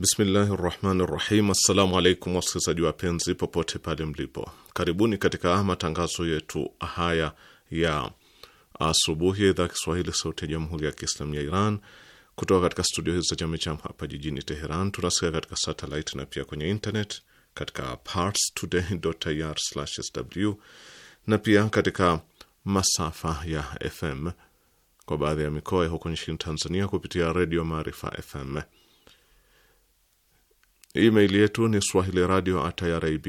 Bismillahi rahmani rahim. Assalamu alaikum wasikilizaji wapenzi popote pale mlipo, karibuni katika matangazo yetu haya ya asubuhi ya idhaa Kiswahili sauti ya jamhuri ya Kiislamu ya Iran kutoka katika studio hizi za jamicham hapa jijini Teheran. Tunasikia katika satelit na pia kwenye internet katika parstoday.ir/sw na pia katika masafa ya FM kwa baadhi ya mikoa ya huko nchini Tanzania kupitia redio Maarifa FM. Email yetu ni swahili radio at irib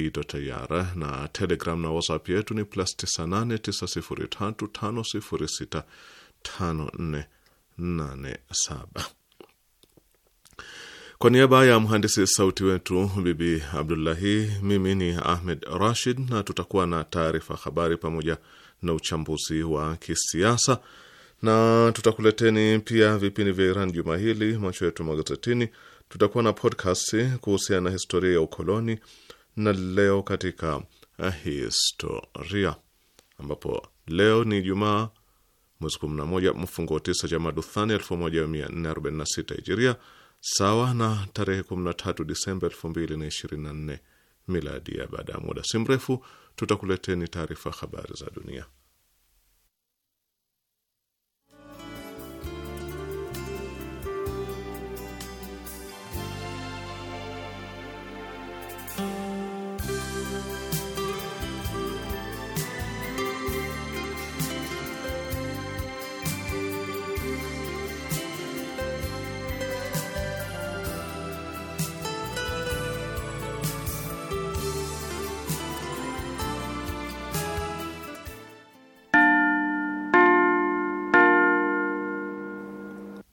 na telegram na whatsapp yetu ni plus 989035065487. Kwa niaba ya mhandisi sauti wetu Bibi Abdullahi, mimi ni Ahmed Rashid, na tutakuwa na taarifa habari pamoja na uchambuzi wa kisiasa na tutakuleteni pia vipindi vya Iran juma hili, macho yetu magazetini tutakuwa na podcast kuhusiana na historia ya ukoloni na leo katika eh, historia, ambapo leo ni Ijumaa mwezi 11 mfungo 9 Jamaduthani 1446 Hijiria, sawa na tarehe 13 Disemba 2024 miladi. Ya baada ya muda si mrefu tutakuleteni taarifa habari za dunia.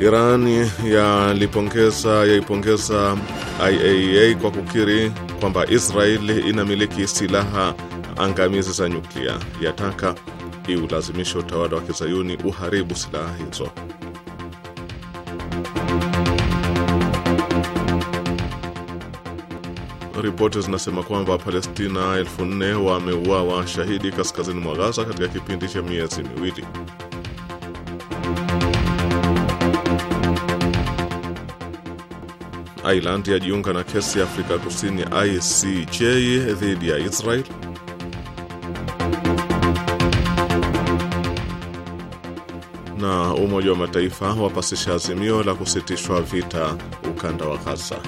Iran yalipongeza yaipongeza IAEA e kwa kukiri kwamba Israeli inamiliki silaha angamizi za nyuklia, yataka iulazimisha utawala wa kizayuni uharibu silaha hizo. Ripoti zinasema kwamba Palestina elfu nne wameuawa shahidi kaskazini mwa Gaza katika kipindi cha miezi miwili. Ireland yajiunga na kesi ya Afrika Kusini ICJ dhidi ya Israel. Na Umoja wa Mataifa wapasisha azimio la kusitishwa vita ukanda wa Gaza.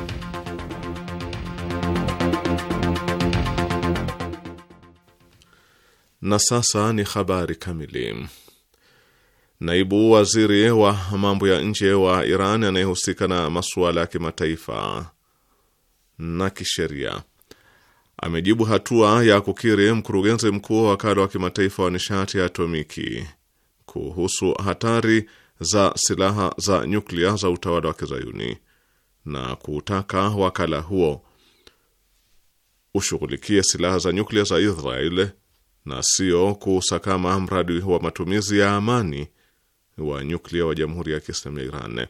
Na sasa ni habari kamili. Naibu waziri wa mambo ya nje wa Iran anayehusika na masuala ya kimataifa na kisheria amejibu hatua ya kukiri mkurugenzi mkuu wa wakala wa kimataifa wa nishati ya atomiki kuhusu hatari za silaha za nyuklia za utawala wa kizayuni na kutaka wakala huo ushughulikie silaha za nyuklia za Israel na sio kusakama mradi wa matumizi ya amani wa nyuklia wa Jamhuri ya Kiislamu ya Iran.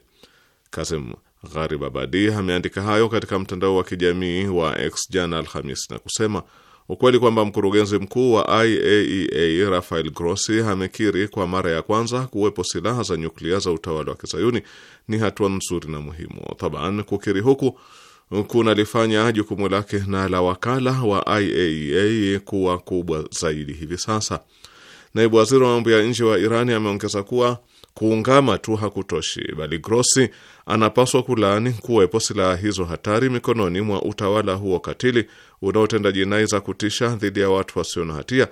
Kazem Gharib Abadi ameandika hayo katika mtandao wa kijamii wa X jana Alhamis na kusema ukweli kwamba mkurugenzi mkuu wa IAEA e Rafael Grossi amekiri kwa mara ya kwanza kuwepo silaha za nyuklia za utawala wa kizayuni ni hatua nzuri na muhimu. Taban, kukiri huku kunalifanya jukumu lake na la wakala wa IAEA e kuwa kubwa zaidi hivi sasa. Naibu waziri wa mambo ya nje wa Irani ameongeza kuwa Kuungama tu hakutoshi, bali Grossi anapaswa kulaani kuwepo silaha hizo hatari mikononi mwa utawala huo katili unaotenda jinai za kutisha dhidi ya watu wasio na hatia,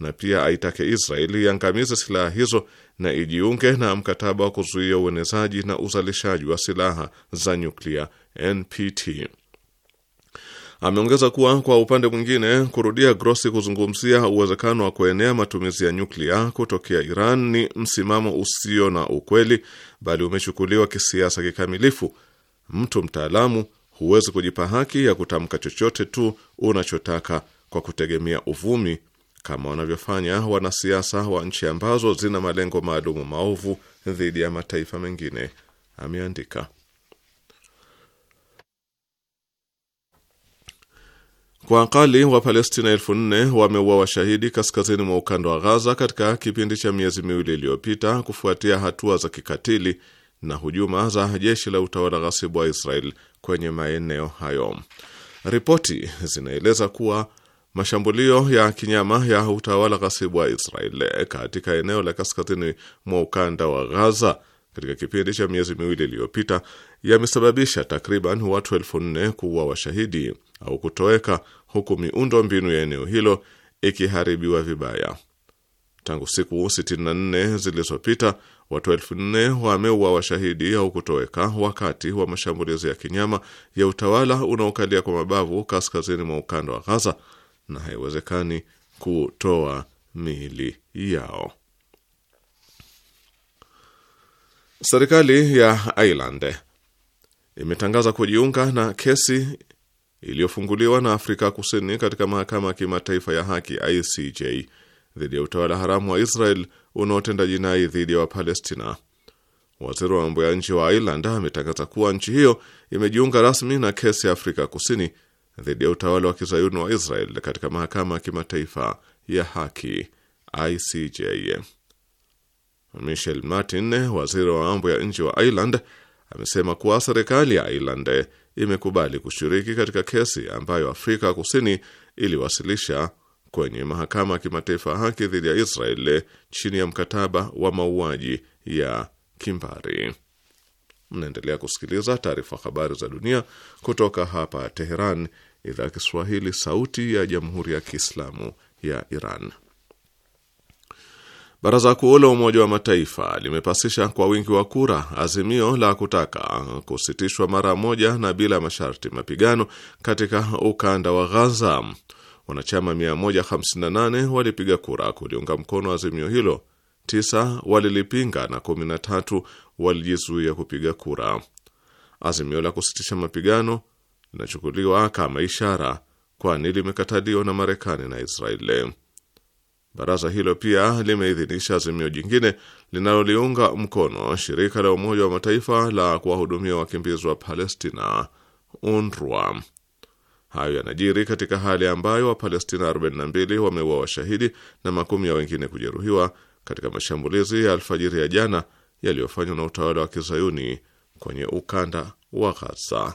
na pia aitake Israeli iangamize silaha hizo na ijiunge na mkataba wa kuzuia uenezaji na uzalishaji wa silaha za nyuklia NPT. Ameongeza kuwa kwa upande mwingine, kurudia Grossi kuzungumzia uwezekano wa kuenea matumizi ya nyuklia kutokea Iran ni msimamo usio na ukweli, bali umechukuliwa kisiasa kikamilifu. Mtu mtaalamu huwezi kujipa haki ya kutamka chochote tu unachotaka kwa kutegemea uvumi kama wanavyofanya wanasiasa wa nchi ambazo zina malengo maalumu maovu dhidi ya mataifa mengine, ameandika. Kwa akali Wapalestina elfu nne wameua washahidi kaskazini mwa ukanda wa Ghaza katika kipindi cha miezi miwili iliyopita kufuatia hatua za kikatili na hujuma za jeshi la utawala ghasibu wa Israel kwenye maeneo hayo. Ripoti zinaeleza kuwa mashambulio ya kinyama ya utawala ghasibu wa Israel katika eneo la kaskazini mwa ukanda wa Ghaza katika kipindi cha miezi miwili iliyopita yamesababisha takriban watu elfu nne kuwa washahidi au kutoweka huku miundo mbinu ya eneo hilo ikiharibiwa vibaya. Tangu siku 64 zilizopita watu elfu nne wameua washahidi au kutoweka wakati wa mashambulizi ya kinyama ya utawala unaokalia kwa mabavu kaskazini mwa ukanda wa Ghaza, na haiwezekani kutoa miili yao. Serikali ya Ireland imetangaza kujiunga na kesi iliyofunguliwa na Afrika Kusini katika mahakama ya kimataifa ya haki ICJ dhidi ya utawala haramu wa Israel unaotenda jinai dhidi ya Wapalestina. Waziri wa mambo ya nje wa Ireland ametangaza kuwa nchi hiyo imejiunga rasmi na kesi ya Afrika Kusini dhidi ya utawala wa kizayuni wa Israel katika mahakama ya kimataifa ya haki ICJ. Michel Martin, waziri wa mambo ya nje wa Ireland, amesema kuwa serikali ya Ireland imekubali kushiriki katika kesi ambayo Afrika Kusini iliwasilisha kwenye mahakama ya kimataifa haki dhidi ya Israel chini ya mkataba wa mauaji ya kimbari. Mnaendelea kusikiliza taarifa habari za dunia kutoka hapa Teheran, idhaa ya Kiswahili, sauti ya jamhuri ya kiislamu ya Iran. Baraza Kuu la Umoja wa Mataifa limepasisha kwa wingi wa kura azimio la kutaka kusitishwa mara moja na bila masharti mapigano katika ukanda wa Ghaza. Wanachama 158 walipiga kura kuliunga mkono azimio hilo, 9 walilipinga na 13 walijizuia kupiga kura. Azimio la kusitisha mapigano linachukuliwa kama ishara, kwani limekataliwa na Marekani na Israeli. Baraza hilo pia limeidhinisha azimio jingine linaloliunga mkono shirika la Umoja wa Mataifa la kuwahudumia wakimbizi wa Palestina, UNRWA. Hayo yanajiri katika hali ambayo Wapalestina 42 wameua washahidi na makumi ya wengine kujeruhiwa katika mashambulizi ya alfajiri ya jana yaliyofanywa na utawala wa kizayuni kwenye ukanda wa Ghaza.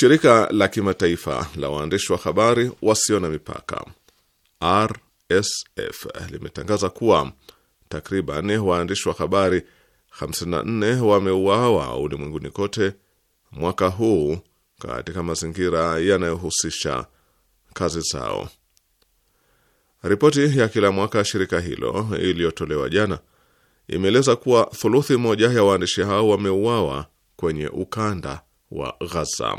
Shirika la kimataifa la waandishi wa habari wasio na mipaka RSF limetangaza kuwa takriban waandishi wa habari 54 wameuawa ulimwenguni kote mwaka huu katika mazingira yanayohusisha kazi zao. Ripoti ya kila mwaka ya shirika hilo iliyotolewa jana imeeleza kuwa thuluthi moja ya waandishi hao wameuawa kwenye ukanda wa Ghaza.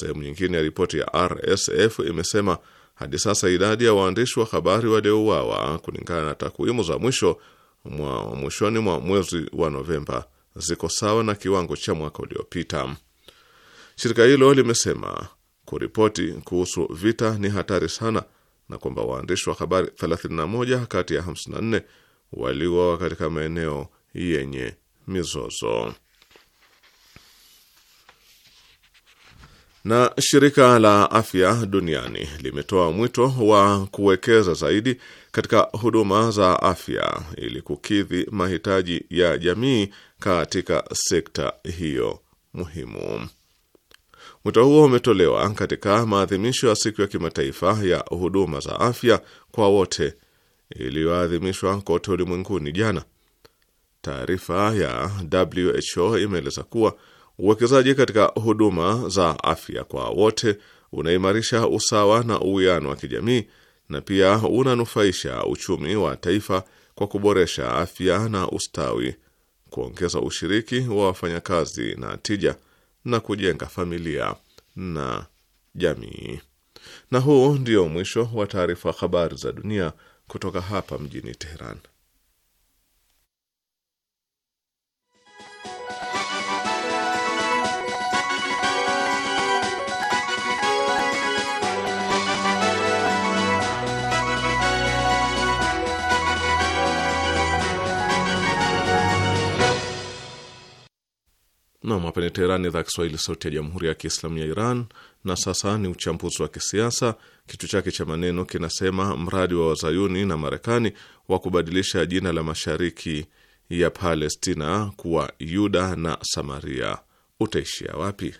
Sehemu nyingine ya ripoti ya RSF imesema hadi sasa idadi ya waandishi wa habari waliouawa kulingana na takwimu za mwisho mwa mwishoni mwa mwezi wa Novemba ziko sawa na kiwango cha mwaka uliopita. Shirika hilo limesema kuripoti kuhusu vita ni hatari sana na kwamba waandishi wa habari 31 kati ya 54 waliuawa katika maeneo yenye mizozo. Na shirika la afya duniani limetoa mwito wa kuwekeza zaidi katika huduma za afya ili kukidhi mahitaji ya jamii katika sekta hiyo muhimu. Mwito huo umetolewa katika maadhimisho ya siku ya kimataifa ya huduma za afya kwa wote iliyoadhimishwa kote ulimwenguni jana. Taarifa ya WHO imeeleza kuwa Uwekezaji katika huduma za afya kwa wote unaimarisha usawa na uwiano wa kijamii na pia unanufaisha uchumi wa taifa kwa kuboresha afya na ustawi, kuongeza ushiriki wa wafanyakazi na tija, na kujenga familia na jamii. Na huu ndio mwisho wa taarifa habari za dunia kutoka hapa mjini Teheran. Nam apene Teherani, idhaa Kiswahili, sauti ya jamhuri ya kiislamu ya Iran. Na sasa ni uchambuzi wa kisiasa, kichwa chake cha maneno kinasema mradi wa wazayuni na Marekani wa kubadilisha jina la mashariki ya Palestina kuwa Yuda na Samaria utaishia wapi?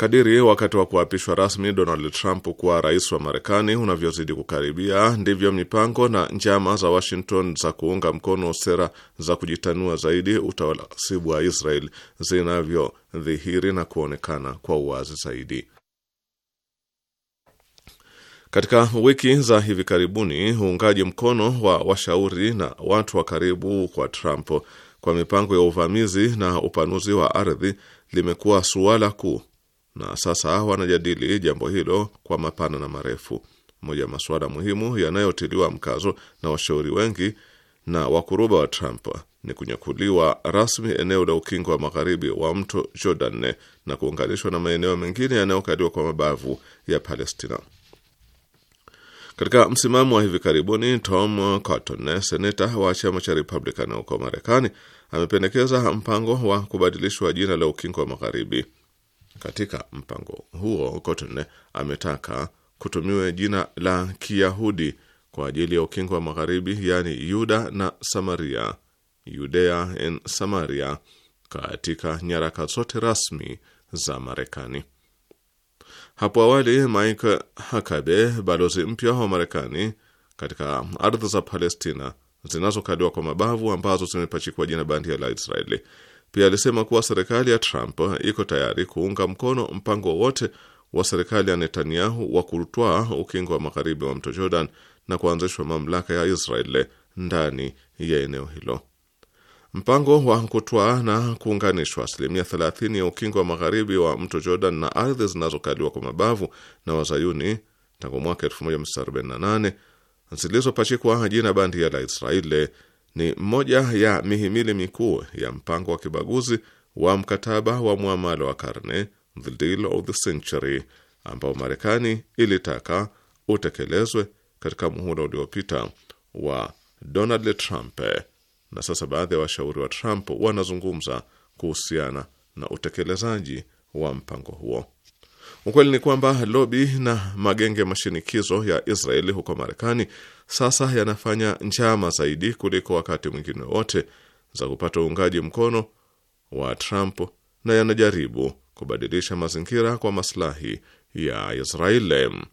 Kadiri wakati wa kuapishwa rasmi Donald Trump kuwa rais wa Marekani unavyozidi kukaribia, ndivyo mipango na njama za Washington za kuunga mkono sera za kujitanua zaidi utawala sibu wa Israel zinavyodhihiri na kuonekana kwa uwazi zaidi. Katika wiki za hivi karibuni, uungaji mkono wa washauri na watu wa karibu kwa Trump kwa mipango ya uvamizi na upanuzi wa ardhi limekuwa suala kuu na sasa wanajadili jambo hilo kwa mapana na marefu. Moja ya masuala muhimu yanayotiliwa mkazo na washauri wengi na wakuruba wa Trump ni kunyakuliwa rasmi eneo la ukingo wa magharibi wa mto Jordan na kuunganishwa na maeneo mengine yanayokaliwa kwa mabavu ya Palestina. Katika msimamo wa hivi karibuni, Tom Cotton, seneta wa chama cha Republican huko Marekani, amependekeza mpango wa kubadilishwa jina la ukingo wa magharibi. Katika mpango huo, Cotton ametaka kutumiwe jina la Kiyahudi kwa ajili ya ukingo wa magharibi, yaani Yuda na Samaria, Judea and Samaria, katika nyaraka zote rasmi za Marekani. Hapo awali Mike Hakabe, balozi mpya wa Marekani katika ardhi za Palestina zinazokaliwa kwa mabavu ambazo zimepachikwa jina bandia la Israeli pia alisema kuwa serikali ya Trump eh, iko tayari kuunga mkono mpango wowote wa serikali ya Netanyahu wa kutwaa ukingo wa magharibi wa mto Jordan na kuanzishwa mamlaka ya Israel ndani ya eneo hilo. Mpango wa kutwaa na kuunganishwa asilimia 30 ya ukingo wa magharibi wa mto Jordan na ardhi zinazokaliwa kwa mabavu na wazayuni tangu mwaka 1948 zilizopachikwa jina bandia la Israeli ni moja ya mihimili mikuu ya mpango wa kibaguzi wa mkataba wa mwamalo wa karne, the deal of the century, ambao Marekani ilitaka utekelezwe katika muhula uliopita wa Donald Trump. Na sasa baadhi ya washauri wa Trump wanazungumza kuhusiana na utekelezaji wa mpango huo. Ukweli ni kwamba lobi na magenge mashinikizo ya Israeli huko Marekani sasa yanafanya njama zaidi kuliko wakati mwingine wote za kupata uungaji mkono wa Trump na yanajaribu kubadilisha mazingira kwa maslahi ya Israeli.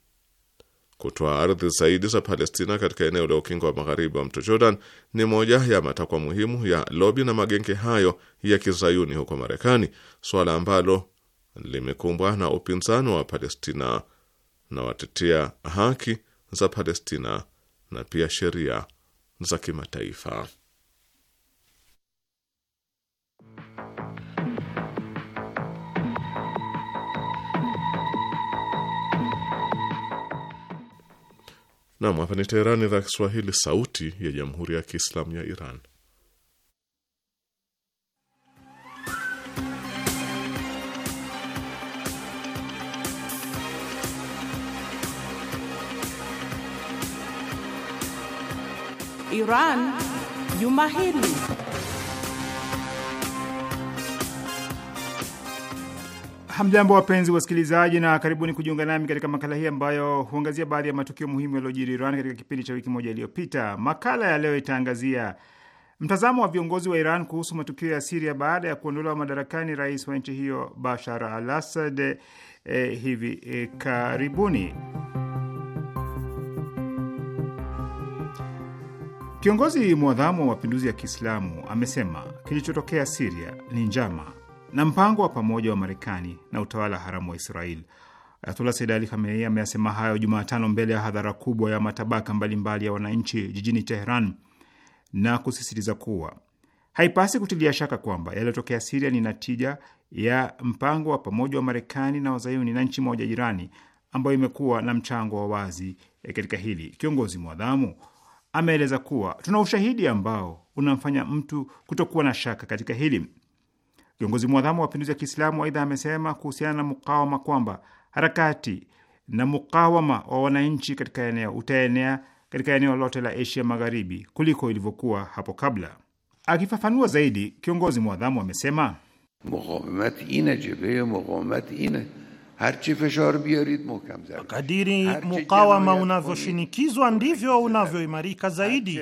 Kutoa ardhi zaidi za Palestina katika eneo la ukingo wa magharibi wa mto Jordan ni moja ya matakwa muhimu ya lobi na magenge hayo ya kizayuni huko Marekani, suala ambalo limekumbwa na upinzani wa Palestina na watetea haki za Palestina na pia sheria za kimataifa. Nam, hapa ni Teherani, idhaa Kiswahili, sauti ya jamhuri ya kiislamu ya Iran. Iran juma hili. Hamjambo, wapenzi wasikilizaji, na karibuni kujiunga nami katika makala hii ambayo huangazia baadhi ya matukio muhimu yaliyojiri Iran katika kipindi cha wiki moja iliyopita. Makala ya leo itaangazia mtazamo wa viongozi wa Iran kuhusu matukio ya Siria baada ya kuondolewa madarakani rais wa nchi hiyo Bashar al Assad eh, hivi eh, karibuni. Kiongozi mwadhamu wa mapinduzi ya Kiislamu amesema kilichotokea Siria ni njama na mpango wa pamoja wa Marekani na utawala haramu wa Israel. Ayatullah Sayyid Ali Khamenei ameyasema hayo Jumatano mbele ya hadhara kubwa ya matabaka mbalimbali mbali ya wananchi jijini Teheran na kusisitiza kuwa haipasi kutilia shaka kwamba yaliyotokea Siria ni natija ya mpango wa pamoja wa Marekani na wazayuni na nchi moja jirani ambayo imekuwa na mchango wa wazi katika hili. Kiongozi mwadhamu ameeleza kuwa tuna ushahidi ambao unamfanya mtu kutokuwa na shaka katika hili. Kiongozi mwadhamu wa mapinduzi ya Kiislamu aidha amesema kuhusiana na mukawama kwamba harakati na mukawama wa wananchi katika eneo utaenea katika eneo lote la Asia Magharibi kuliko ilivyokuwa hapo kabla. Akifafanua zaidi, kiongozi mwadhamu amesema ina ina Kadiri mukawama unavyoshinikizwa ndivyo unavyoimarika zaidi.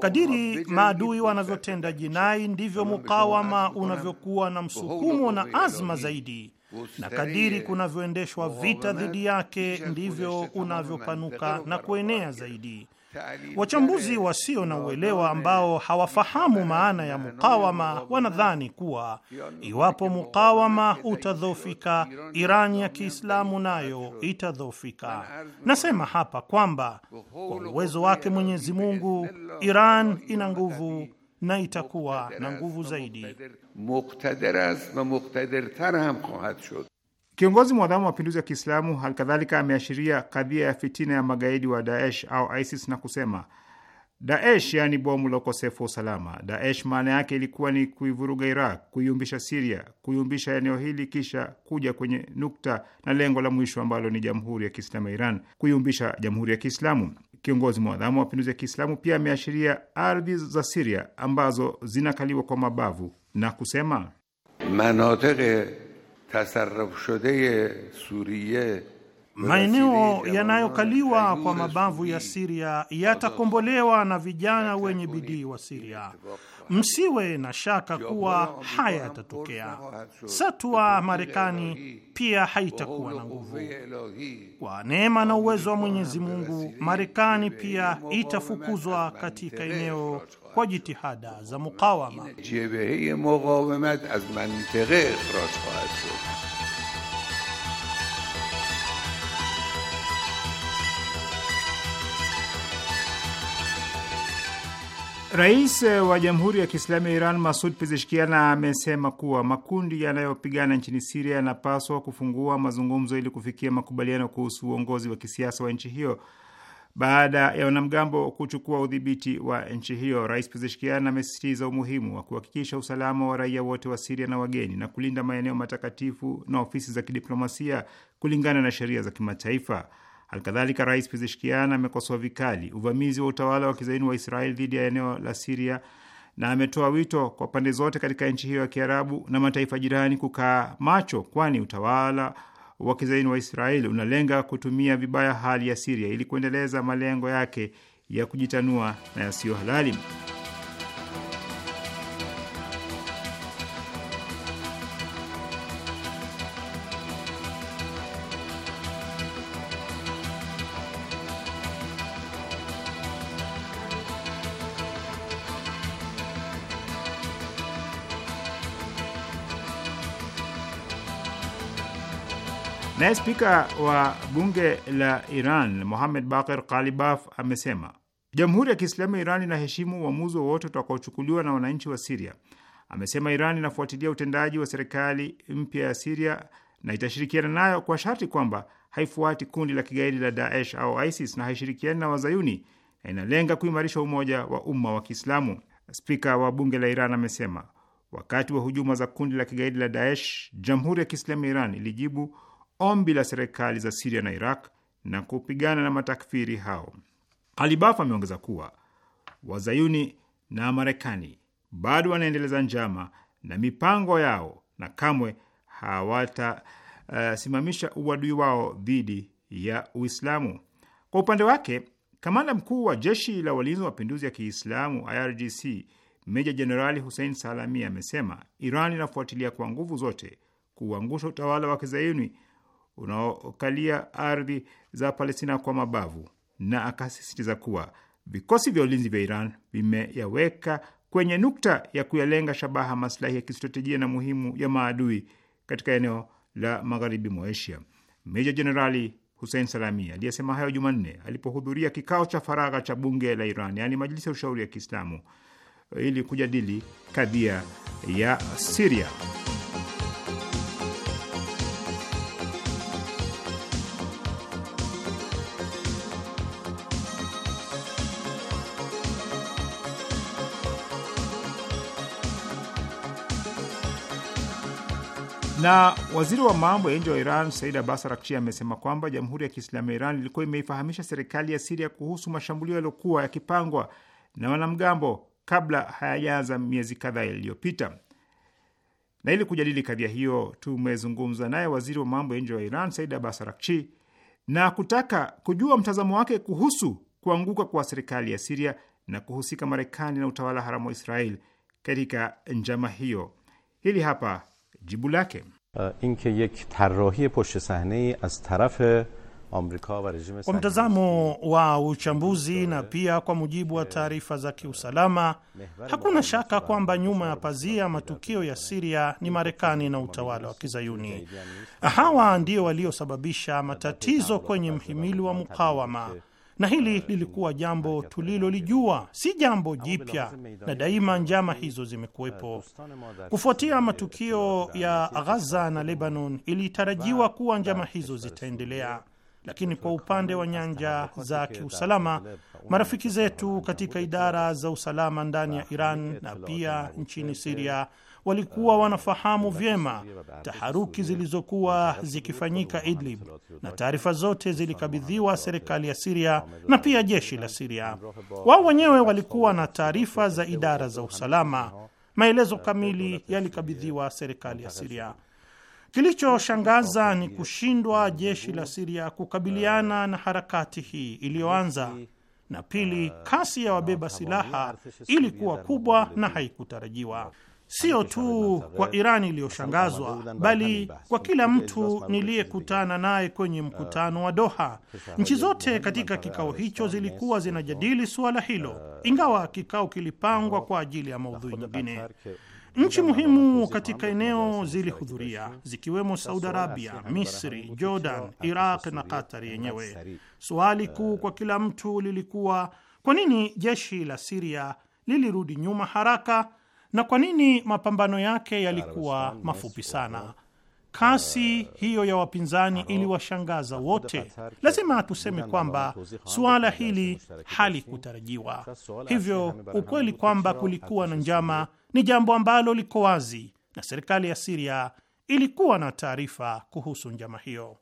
Kadiri maadui wanavyotenda jinai ndivyo mukawama unavyokuwa na msukumo na azma zaidi, na kadiri kunavyoendeshwa vita dhidi yake ndivyo unavyopanuka na kuenea zaidi. Wachambuzi wasio na uelewa ambao hawafahamu maana ya mukawama wanadhani kuwa iwapo mukawama utadhoofika, Irani ya Kiislamu nayo itadhoofika. Nasema hapa kwamba kwa uwezo wake Mwenyezi Mungu, Iran ina nguvu na itakuwa na nguvu zaidi. Kiongozi mwadhamu wa mapinduzi ya Kiislamu halikadhalika ameashiria kadhia ya fitina ya magaidi wa Daesh au ISIS na kusema Daesh yaani bomu la ukosefu wa usalama. Daesh maana yake ilikuwa ni kuivuruga Iraq, kuiumbisha Siria, kuiumbisha eneo hili, kisha kuja kwenye nukta na lengo la mwisho ambalo ni jamhuri ya Kiislamu ya Iran, kuiumbisha jamhuri ya Kiislamu. Kiongozi mwadhamu wa mapinduzi ya Kiislamu pia ameashiria ardhi za Siria ambazo zinakaliwa kwa mabavu na kusema tasarruf shode Suriye Maeneo yanayokaliwa kwa mabavu ya Siria yatakombolewa na vijana wenye bidii wa Siria. Msiwe na shaka kuwa haya yatatokea. Satwa Marekani pia haitakuwa na nguvu. Kwa neema na uwezo wa Mwenyezi Mungu, Marekani pia itafukuzwa katika eneo kwa jitihada za mukawama. Rais wa Jamhuri ya Kiislamu ya Iran Masud Pezeshkiana amesema kuwa makundi yanayopigana nchini Siria yanapaswa kufungua mazungumzo ili kufikia makubaliano kuhusu uongozi wa kisiasa wa nchi hiyo baada ya wanamgambo kuchukua udhibiti wa nchi hiyo. Rais Pezeshkian amesisitiza umuhimu wa kuhakikisha usalama wa raia wote wa Siria na wageni na kulinda maeneo matakatifu na ofisi za kidiplomasia kulingana na sheria za kimataifa. Halikadhalika, Rais Pezeshkian amekosoa vikali uvamizi wa utawala wa kizaini wa Israeli dhidi ya eneo la Siria na ametoa wito kwa pande zote katika nchi hiyo ya Kiarabu na mataifa jirani kukaa macho, kwani utawala wa kizaini wa Israeli unalenga kutumia vibaya hali ya Siria ili kuendeleza malengo yake ya kujitanua na yasiyo halali. Naye spika wa bunge la Iran Mohamed Bakir Kalibaf amesema jamhuri ya Kiislamu ya Iran inaheshimu uamuzi wowote utakaochukuliwa na wananchi wa Siria. Amesema Iran inafuatilia utendaji wa serikali mpya ya Siria na itashirikiana nayo kwa sharti kwamba haifuati kundi la kigaidi la Daesh au ISIS na haishirikiani na wazayuni na inalenga kuimarisha umoja wa umma wa Kiislamu. Spika wa bunge la Iran amesema wakati wa hujuma za kundi la kigaidi la Daesh, jamhuri ya Kiislamu ya Iran ilijibu ombi la serikali za Siria na Iraq na kupigana na matakfiri hao. Alibaf ameongeza kuwa wazayuni na Marekani bado wanaendeleza njama na mipango yao na kamwe hawatasimamisha uh, uadui wao dhidi ya Uislamu. Kwa upande wake, kamanda mkuu wa jeshi la walinzi wa mapinduzi ya Kiislamu IRGC Meja Jenerali Hussein Salami amesema Iran inafuatilia kwa nguvu zote kuangusha utawala wa kizayuni unaokalia ardhi za Palestina kwa mabavu, na akasisitiza kuwa vikosi vya ulinzi vya Iran vimeyaweka kwenye nukta ya kuyalenga shabaha maslahi ya kistratejia na muhimu ya maadui katika eneo la magharibi mwa Asia. Meja Jenerali Hussein Salami aliyesema hayo Jumanne alipohudhuria kikao cha faragha cha bunge la Iran, yaani Majlisi ya Ushauri ya Kiislamu, ili kujadili kadhia ya Siria. Na waziri wa mambo ya nje wa Iran Said Abbas arakchi amesema kwamba Jamhuri ya Kiislamu ya Iran ilikuwa imeifahamisha serikali ya Siria kuhusu mashambulio yaliyokuwa yakipangwa na wanamgambo kabla hayajaanza miezi kadhaa iliyopita. Na ili kujadili kadhia hiyo, tumezungumza naye waziri wa mambo ya nje wa Iran Said Abbas arakchi na kutaka kujua mtazamo wake kuhusu kuanguka kwa serikali ya Siria na kuhusika Marekani na utawala haramu wa Israel katika njama hiyo. Hili hapa jibu lake kwa mtazamo wa uchambuzi na pia kwa mujibu wa taarifa za kiusalama, hakuna shaka kwamba nyuma ya pazia matukio ya Siria ni Marekani na utawala wa Kizayuni. Hawa ndio waliosababisha matatizo kwenye mhimili wa mukawama na hili lilikuwa jambo tulilolijua, si jambo jipya, na daima njama hizo zimekuwepo. Kufuatia matukio ya Ghaza na Lebanon, ilitarajiwa kuwa njama hizo zitaendelea, lakini kwa upande wa nyanja za kiusalama, marafiki zetu katika idara za usalama ndani ya Iran na pia nchini Siria walikuwa wanafahamu vyema taharuki zilizokuwa zikifanyika Idlib, na taarifa zote zilikabidhiwa serikali ya Siria na pia jeshi la Siria. Wao wenyewe walikuwa na taarifa za idara za usalama. Maelezo kamili yalikabidhiwa serikali ya Siria. Kilichoshangaza ni kushindwa jeshi la Siria kukabiliana na harakati hii iliyoanza, na pili, kasi ya wabeba silaha ilikuwa kubwa na haikutarajiwa sio tu kwa Irani iliyoshangazwa bali kwa kila mtu niliyekutana naye kwenye uh, mkutano wa Doha. Nchi zote katika kikao hicho zilikuwa zinajadili suala hilo, uh, ingawa kikao kilipangwa kwa ajili ya maudhui nyingine. Nchi muhimu katika eneo zilihudhuria zikiwemo Saudi Arabia, Misri, Jordan, Iraq na Qatar yenyewe. suali kuu uh, kwa kila mtu lilikuwa kwa nini jeshi la Siria lilirudi nyuma haraka na kwa nini mapambano yake yalikuwa mafupi sana? Kasi uh, hiyo ya wapinzani iliwashangaza wote. Lazima tuseme kwamba suala hili halikutarajiwa. Hivyo ukweli kwamba kulikuwa na njama ni jambo ambalo liko wazi, na serikali ya Siria ilikuwa na taarifa kuhusu njama hiyo.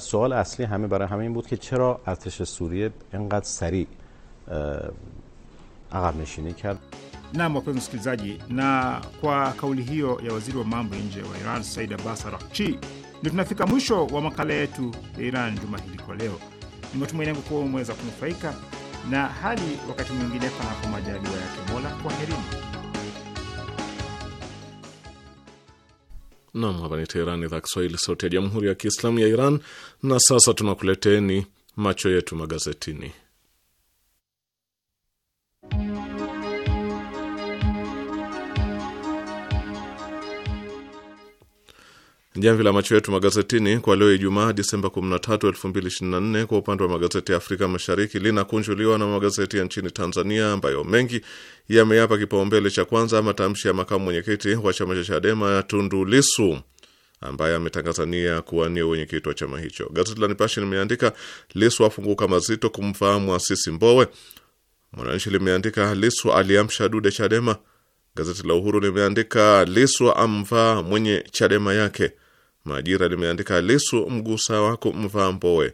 sual asli hame bara hame in bud ki chera artesh suriye inqadr sari agam neshini kard Nam, wapenzi msikilizaji, na kwa kauli hiyo ya waziri wa mambo ya nje wa Iran Said Abbas Araghchi, ndio tunafika mwisho wa makala yetu ya Iran juma hili kwa leo. Ni matumaini yangu kuwa umeweza kunufaika, na hadi wakati mwingine, panapo majaliwa yake Mola, kwaherini. Nam, hapa ni Teherani, idhaa Kiswahili, sauti ya jamhuri ya kiislamu ya Iran. Na sasa tunakuleteni macho yetu magazetini. Jamvi la macho yetu magazetini kwa leo Ijumaa, Disemba 13, 2024, kwa upande wa magazeti ya Afrika Mashariki linakunjuliwa na magazeti ya nchini Tanzania ambayo mengi yameyapa kipaumbele cha kwanza matamshi ya makamu mwenyekiti wa chama cha Chadema Tundu Lisu ambaye ametangaza nia kuwania uwenyekiti wa chama hicho. Gazeti la Nipashe limeandika Lisu afunguka mazito kumfahamu Asisi Mbowe. Mwananchi limeandika Lisu aliamsha dude Chadema. Gazeti la Uhuru limeandika Lisu amvaa mwenye Chadema yake. Majira limeandika Lisu mgusa wako mvaa mboe.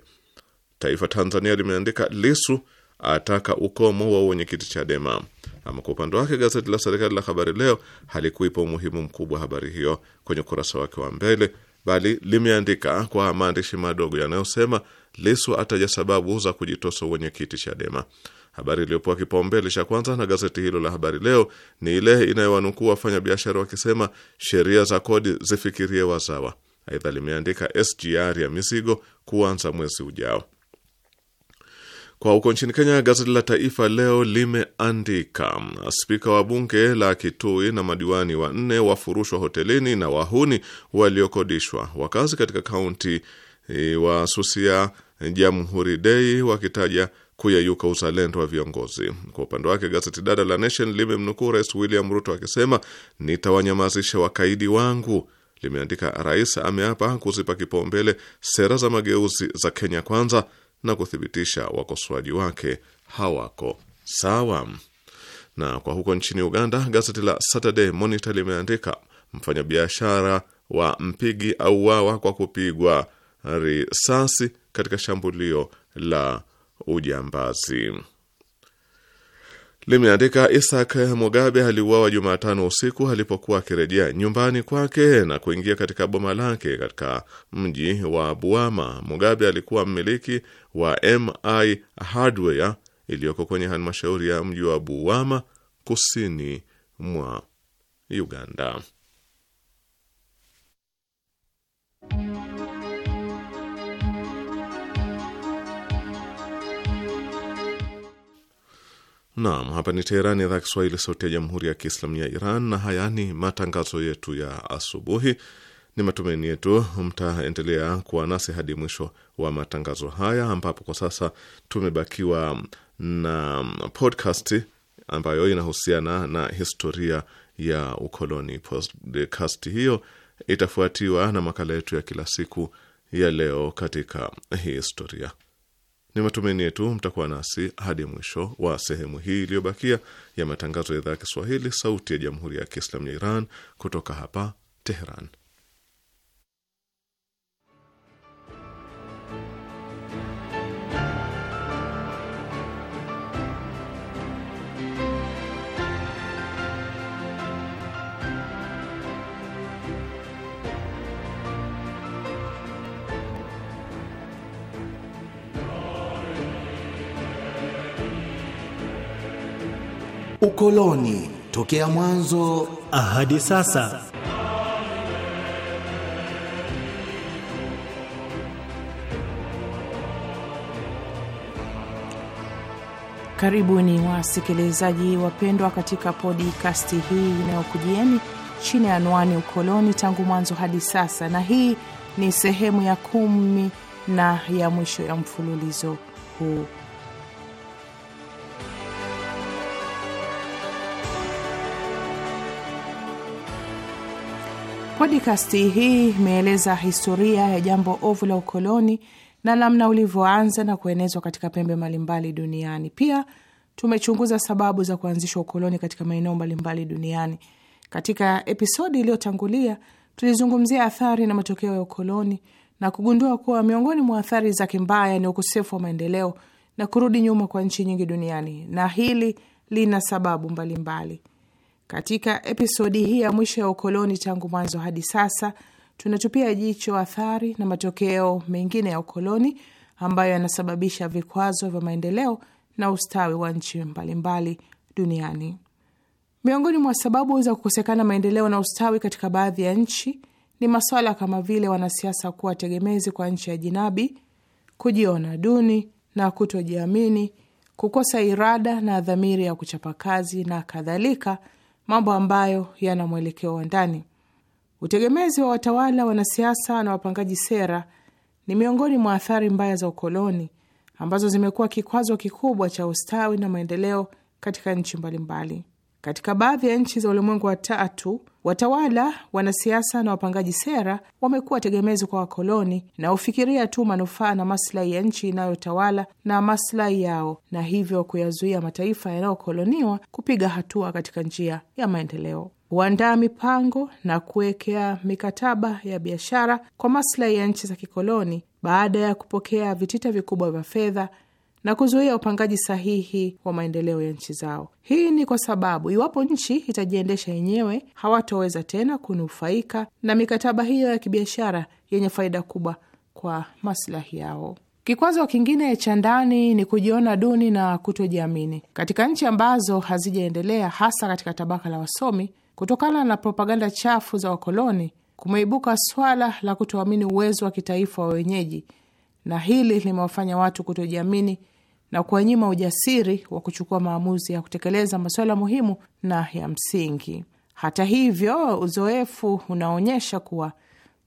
Taifa Tanzania limeandika Lisu ataka ukomo wa wenyekiti Chadema. Ama kwa upande wake gazeti la serikali la Habari Leo halikuipa umuhimu mkubwa habari hiyo kwenye ukurasa wake wa mbele, bali limeandika kwa maandishi madogo yanayosema Lisu ataja sababu za kujitosa wenyekiti Chadema. Habari iliyopewa kipaumbele cha kwanza na gazeti hilo la Habari Leo ni ile inayowanukuu wafanya biashara wakisema sheria za kodi zifikirie wazawa. Aidha, limeandika SGR ya mizigo kuanza mwezi ujao. Kwa huko nchini Kenya, gazeti la Taifa Leo limeandika spika wa bunge la Kitui na madiwani wanne wafurushwa hotelini na wahuni waliokodishwa. Wakazi katika kaunti e, wa wasusia Jamhuri Dei wakitaja kuyeyuka uzalendo wa viongozi. Kwa upande wake gazeti dada la Nation limemnukuu Rais William Ruto akisema, nitawanyamazisha wakaidi wangu limeandika rais ameapa kuzipa kipaumbele sera za mageuzi za Kenya Kwanza na kuthibitisha wakosoaji wake hawako sawa. Na kwa huko nchini Uganda, gazeti la Saturday Monitor limeandika mfanyabiashara wa Mpigi auawa kwa kupigwa risasi katika shambulio la ujambazi limeandika Isak Mugabe aliuawa Jumatano usiku alipokuwa akirejea nyumbani kwake na kuingia katika boma lake katika mji wa Buama. Mugabe alikuwa mmiliki wa MI Hardware iliyoko kwenye halmashauri ya mji wa Buama kusini mwa Uganda. Naam, hapa ni Teherani, idhaa Kiswahili, sauti ya jamhuri ya kiislamu ya Iran, na haya ni matangazo yetu ya asubuhi. Ni matumaini yetu mtaendelea kuwa nasi hadi mwisho wa matangazo haya, ambapo kwa sasa tumebakiwa na podcast ambayo inahusiana na historia ya ukoloni. Podcast hiyo itafuatiwa na makala yetu ya kila siku ya leo katika historia. Ni matumaini yetu mtakuwa nasi hadi mwisho wa sehemu hii iliyobakia ya matangazo ya idhaa ya Kiswahili, sauti ya jamhuri ya kiislamu ya Iran, kutoka hapa Teheran. Ukoloni tokea mwanzo hadi sasa. Karibuni wasikilizaji wapendwa katika podikasti hii inayokujieni chini ya anwani ukoloni tangu mwanzo hadi sasa, na hii ni sehemu ya kumi na ya mwisho ya mfululizo huu. Podikasti hii imeeleza historia ya jambo ovu la ukoloni na namna ulivyoanza na kuenezwa katika pembe mbalimbali duniani. Pia tumechunguza sababu za kuanzishwa ukoloni katika maeneo mbalimbali duniani. Katika episodi iliyotangulia, tulizungumzia athari na matokeo ya ukoloni na kugundua kuwa miongoni mwa athari zake mbaya ni ukosefu wa maendeleo na kurudi nyuma kwa nchi nyingi duniani, na hili lina sababu mbalimbali mbali. Katika episodi hii ya mwisho ya ukoloni tangu mwanzo hadi sasa, tunatupia jicho athari na matokeo mengine ya ukoloni ambayo yanasababisha vikwazo vya maendeleo na ustawi wa nchi mbalimbali duniani. Miongoni mwa sababu za kukosekana maendeleo na ustawi katika baadhi ya nchi ni maswala kama vile wanasiasa kuwa tegemezi kwa nchi ya jinabi, kujiona duni na kutojiamini, kukosa irada na dhamiri ya kuchapa kazi na kadhalika, mambo ambayo yana mwelekeo wa ndani. Utegemezi wa watawala, wanasiasa na wapangaji sera ni miongoni mwa athari mbaya za ukoloni ambazo zimekuwa kikwazo kikubwa cha ustawi na maendeleo katika nchi mbalimbali. Katika baadhi ya nchi za ulimwengu wa tatu, watawala, wanasiasa na wapangaji sera wamekuwa tegemezi kwa wakoloni na hufikiria tu manufaa na maslahi ya nchi inayotawala na maslahi yao, na hivyo kuyazuia mataifa yanayokoloniwa kupiga hatua katika njia ya maendeleo. Huandaa mipango na kuwekea mikataba ya biashara kwa maslahi ya nchi za kikoloni baada ya kupokea vitita vikubwa vya fedha na kuzuia upangaji sahihi wa maendeleo ya nchi zao. Hii ni kwa sababu iwapo nchi itajiendesha yenyewe, hawatoweza tena kunufaika na mikataba hiyo ya kibiashara yenye faida kubwa kwa maslahi yao. Kikwazo kingine cha ndani ni kujiona duni na kutojiamini katika nchi ambazo hazijaendelea, hasa katika tabaka la wasomi. Kutokana na propaganda chafu za wakoloni, kumeibuka swala la kutoamini uwezo wa kitaifa wa wenyeji na hili limewafanya watu kutojiamini na kuwanyima ujasiri wa kuchukua maamuzi ya kutekeleza masuala muhimu na ya msingi. Hata hivyo, uzoefu unaonyesha kuwa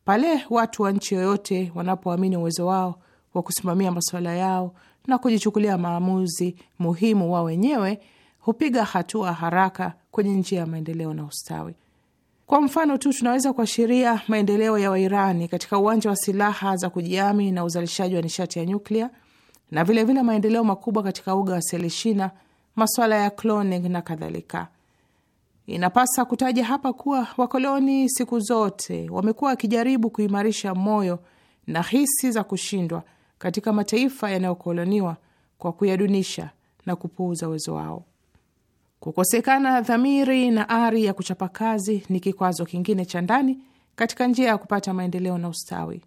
pale watu wa nchi yoyote wanapoamini uwezo wao wa kusimamia masuala yao na kujichukulia maamuzi muhimu wao wenyewe, hupiga hatua haraka kwenye njia ya maendeleo na ustawi. Kwa mfano tu tunaweza kuashiria maendeleo ya Wairani katika uwanja wa silaha za kujiami na uzalishaji wa nishati ya nyuklia na vilevile vile maendeleo makubwa katika uga wa selishina, maswala ya cloning na kadhalika. Inapasa kutaja hapa kuwa wakoloni siku zote wamekuwa wakijaribu kuimarisha moyo na hisi za kushindwa katika mataifa yanayokoloniwa kwa kuyadunisha na kupuuza uwezo wao. Kukosekana dhamiri na ari ya kuchapa kazi ni kikwazo kingine cha ndani katika njia ya kupata maendeleo na ustawi.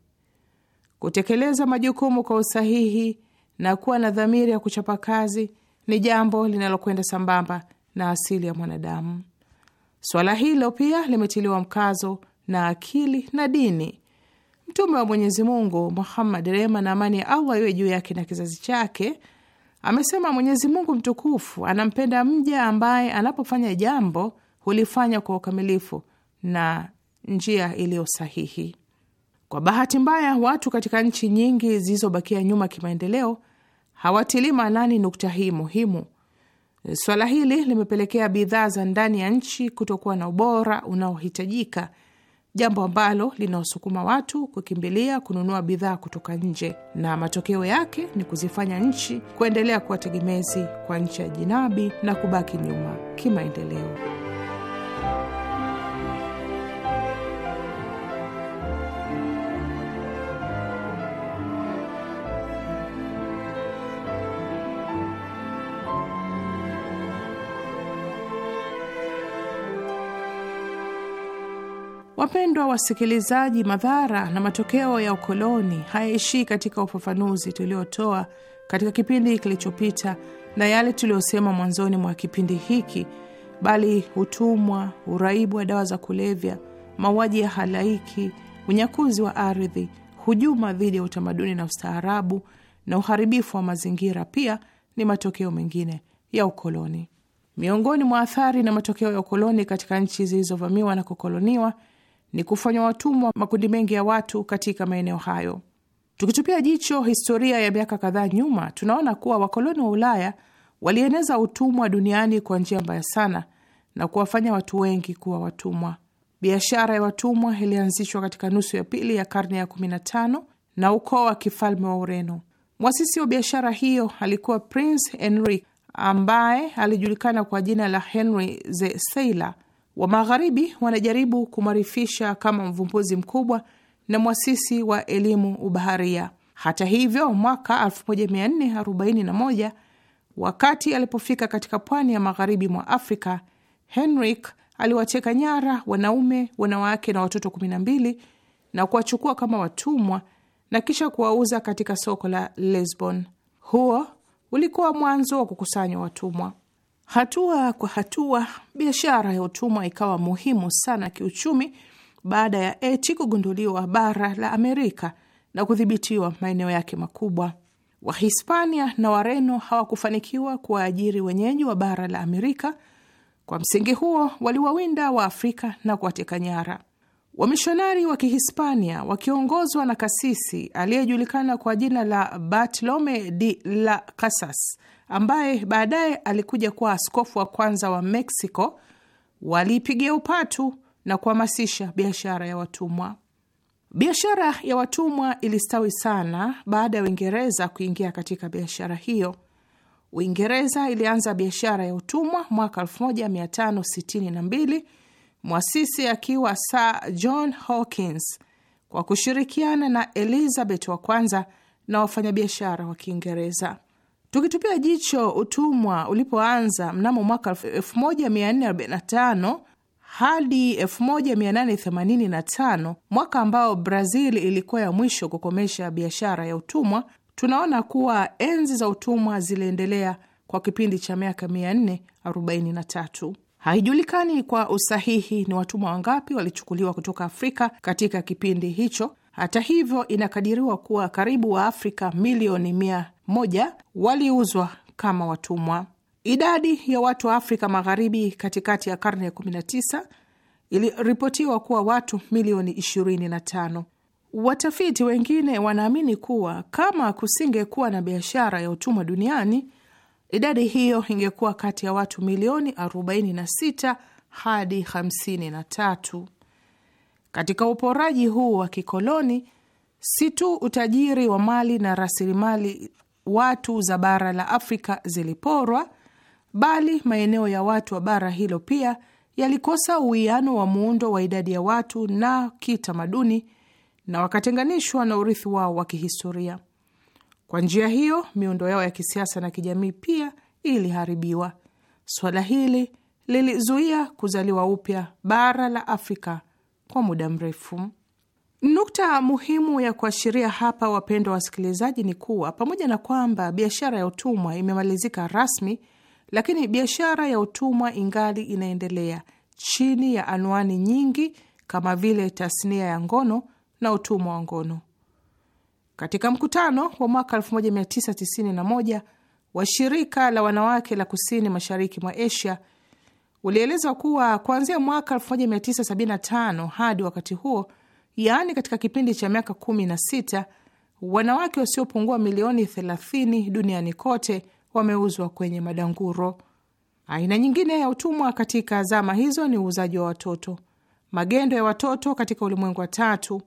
Kutekeleza majukumu kwa usahihi na kuwa na dhamiri ya kuchapa kazi ni jambo linalokwenda sambamba na asili ya mwanadamu. Swala hilo pia limetiliwa mkazo na akili na dini. Mtume wa Mwenyezi Mungu Muhammad, rehema na amani ya Allah iwe juu yake na kizazi chake, Amesema Mwenyezi Mungu mtukufu anampenda mja ambaye anapofanya jambo hulifanya kwa ukamilifu na njia iliyo sahihi. Kwa bahati mbaya, watu katika nchi nyingi zilizobakia nyuma kimaendeleo hawatilii maanani nukta hii muhimu. Swala hili limepelekea bidhaa za ndani ya nchi kutokuwa na ubora unaohitajika jambo ambalo linaosukuma watu kukimbilia kununua bidhaa kutoka nje, na matokeo yake ni kuzifanya nchi kuendelea kuwa tegemezi kwa nchi ya jinabi na kubaki nyuma kimaendeleo. Wapendwa wasikilizaji, madhara na matokeo ya ukoloni hayaishii katika ufafanuzi tuliotoa katika kipindi kilichopita na yale tuliyosema mwanzoni mwa kipindi hiki, bali utumwa, uraibu wa dawa za kulevya, mauaji ya halaiki, unyakuzi wa ardhi, hujuma dhidi ya utamaduni na ustaarabu na uharibifu wa mazingira pia ni matokeo mengine ya ukoloni. Miongoni mwa athari na matokeo ya ukoloni katika nchi zilizovamiwa na kukoloniwa ni kufanywa watumwa makundi mengi ya watu katika maeneo hayo. Tukitupia jicho historia ya miaka kadhaa nyuma, tunaona kuwa wakoloni wa Ulaya walieneza utumwa duniani kwa njia mbaya sana na kuwafanya watu wengi kuwa watumwa. Biashara ya watumwa ilianzishwa katika nusu ya pili ya karne ya 15 na ukoo wa kifalme wa Ureno. Mwasisi wa biashara hiyo alikuwa Prince Henry ambaye alijulikana kwa jina la Henry the Sailor wa Magharibi wanajaribu kumwarifisha kama mvumbuzi mkubwa na mwasisi wa elimu ubaharia. Hata hivyo, mwaka 1441 wakati alipofika katika pwani ya magharibi mwa Afrika, Henrik aliwateka nyara wanaume, wanawake na watoto 12 na kuwachukua kama watumwa na kisha kuwauza katika soko la Lisbon. Huo ulikuwa mwanzo wa kukusanywa watumwa. Hatua kwa hatua, biashara ya utumwa ikawa muhimu sana kiuchumi baada ya eti kugunduliwa bara la Amerika na kudhibitiwa maeneo yake makubwa. Wahispania na Wareno hawakufanikiwa kuwaajiri wenyeji wa bara la Amerika. Kwa msingi huo, waliwawinda Waafrika na kuwateka nyara. Wamishonari wa Kihispania wakiongozwa na kasisi aliyejulikana kwa jina la Bartolome de la Casas, ambaye baadaye alikuja kuwa askofu wa kwanza wa Mexico, waliipigia upatu na kuhamasisha biashara ya watumwa. Biashara ya watumwa ilistawi sana baada ya Uingereza kuingia katika biashara hiyo. Uingereza ilianza biashara ya utumwa mwaka 1562 mwasisi akiwa Sir John Hawkins kwa kushirikiana na Elizabeth wa kwanza na wafanyabiashara wa Kiingereza. Tukitupia jicho utumwa ulipoanza mnamo mwaka 1445 hadi 1885, mwaka ambao Brazil ilikuwa ya mwisho kukomesha biashara ya utumwa, tunaona kuwa enzi za utumwa ziliendelea kwa kipindi cha miaka 443. Haijulikani kwa usahihi ni watumwa wangapi walichukuliwa kutoka Afrika katika kipindi hicho. Hata hivyo, inakadiriwa kuwa karibu wa afrika milioni mia moja waliuzwa kama watumwa. Idadi ya watu wa Afrika Magharibi katikati ya karne ya 19 iliripotiwa kuwa watu milioni 25. Watafiti wengine wanaamini kuwa kama kusingekuwa na biashara ya utumwa duniani Idadi hiyo ingekuwa kati ya watu milioni 46 hadi 53. Katika uporaji huu wa kikoloni, si tu utajiri wa mali na rasilimali watu za bara la Afrika ziliporwa, bali maeneo ya watu wa bara hilo pia yalikosa uwiano wa muundo wa idadi ya watu na kitamaduni, na wakatenganishwa na urithi wao wa kihistoria. Kwa njia hiyo, miundo yao ya kisiasa na kijamii pia iliharibiwa. Swala hili lilizuia kuzaliwa upya bara la Afrika kwa muda mrefu. Nukta muhimu ya kuashiria hapa, wapendwa wasikilizaji, ni kuwa pamoja na kwamba biashara ya utumwa imemalizika rasmi, lakini biashara ya utumwa ingali inaendelea chini ya anwani nyingi kama vile tasnia ya ngono na utumwa wa ngono. Katika mkutano wa mwaka 1991 wa shirika la wanawake la kusini mashariki mwa Asia ulieleza kuwa kuanzia mwaka 1975 hadi wakati huo, yaani katika kipindi cha miaka 16, wanawake wasiopungua milioni 30 duniani kote wameuzwa kwenye madanguro. Aina nyingine ya utumwa katika zama hizo ni uuzaji wa watoto, magendo ya watoto katika ulimwengu wa tatu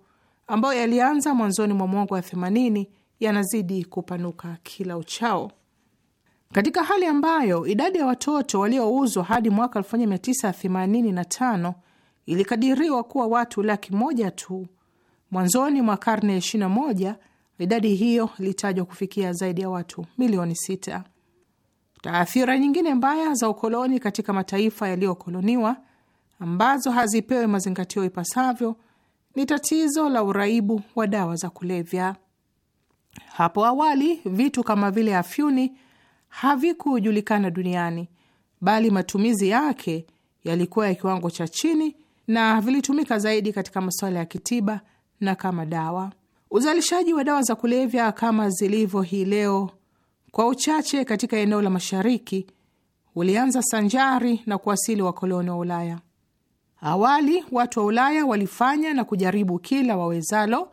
ambayo yalianza mwanzoni mwa mwongo wa 80 yanazidi kupanuka kila uchao, katika hali ambayo idadi ya watoto waliouzwa hadi mwaka 1985 ilikadiriwa kuwa watu laki moja tu. Mwanzoni mwa karne ya 21 idadi hiyo ilitajwa kufikia zaidi ya watu milioni sita. Taathira nyingine mbaya za ukoloni katika mataifa yaliyokoloniwa ambazo hazipewi mazingatio ipasavyo ni tatizo la uraibu wa dawa za kulevya. Hapo awali vitu kama vile afyuni havikujulikana duniani, bali matumizi yake yalikuwa ya kiwango cha chini na vilitumika zaidi katika masuala ya kitiba na kama dawa. Uzalishaji wa dawa za kulevya kama zilivyo hii leo, kwa uchache katika eneo la mashariki, ulianza sanjari na kuwasili wakoloni wa Ulaya. Awali watu wa Ulaya walifanya na kujaribu kila wawezalo